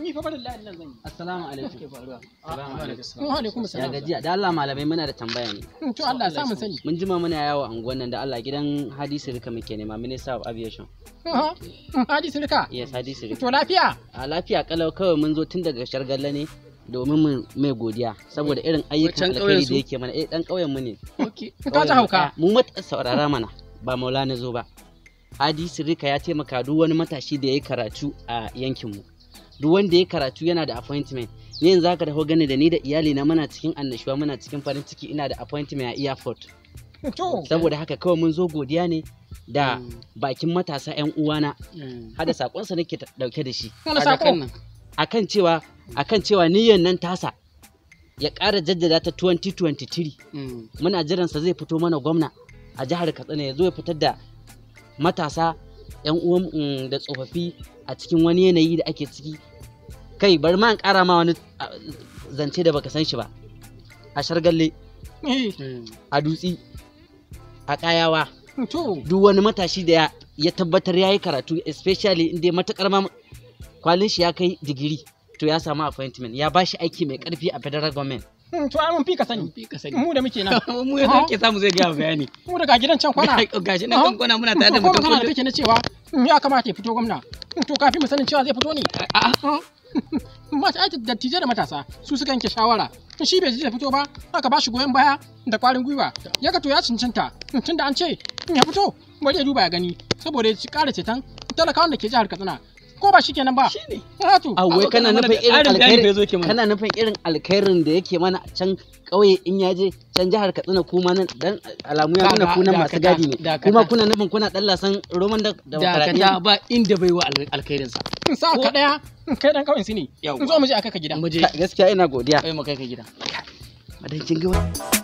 ni fa barin la'an nan zan yi assalamu alaikum assalamu alaikum ya gajiya da Allah malamai muna da tambaya ne hmm, to Allah ya sa mu sani mun jima muna yawo anguwan nan da Allah gidan hadisi rika muke nema minister of aviation hmm, hadisi rika yes hadisi rika to lafiya a lafiya kalau kawai mun zo tun daga shargalle ne domin mu mai godiya saboda irin ayyukan alkhairi da yake mana eh dan kauyen mu ne ka ta hauka eh, mu mata saurara mana ba maulana zo ba hadisi rika ya taimaka duk wani matashi da ya yi karatu a yankinmu duk wanda ya karatu yana da appointment ni yanzu haka da gani da ni da iyali na muna cikin annashuwa muna cikin farin ciki ina da appointment a airport saboda haka kawai mun zo godiya ne da mm. bakin matasa 'yan uwana mm. hada sakonsa nake dauke da shi akan cewa akan cewa niyyar nan tasa ya ƙara jaddada ta 2023 mm. muna jiransa zai fito mana gwamna a jihar katsina ya zo ya fitar da matasa yan uwan mm, da tsofaffi a cikin wani yanayi da ake ciki kai bari ma an ƙara ma wani zance da baka san shi ba a shargalle eh. mm. a dutsi a kayawa duk wani matashi da ya tabbatar ya yi karatu especially inda matakar ma kwalin shi ya kai digiri to ya samu appointment ya ba shi aiki mai karfi a federal government Hmm, to an mun fika sani mu da muke nan mu ya sake samu zai ga bayani mu daga gidan can kwana gashi nan kan kwana muna tare da mutum kuma take na cewa ya kamata ya fito gwamna hmm, to kafin mu sanin cewa zai fito ne a mata ai dattijai da matasa su suka yanke shawara shi bai ji da fito ba aka ba shi goyon baya da kwarin gwiwa ya ga to ya cancanta hmm, tunda an ce ya fito bari ya duba ya gani saboda ya ci kara ceton talakawan da ke jihar katsina ko ba shi kenan ba shine awai ah, kana nufin irin alkhairin kana nufin irin alkhairin da yake mana can kauye in ya je can jihar Katsina kuma nan dan alamu ya nuna kuna masu gadi ne kuma kuna nufin kuna dan lasan roman da da ba inda bai wa alkhairin sa sa ka daya kai dan kauyen sini zo mu je aka ka gida mu je gaskiya ina godiya kai mu kai ka gida kin gwa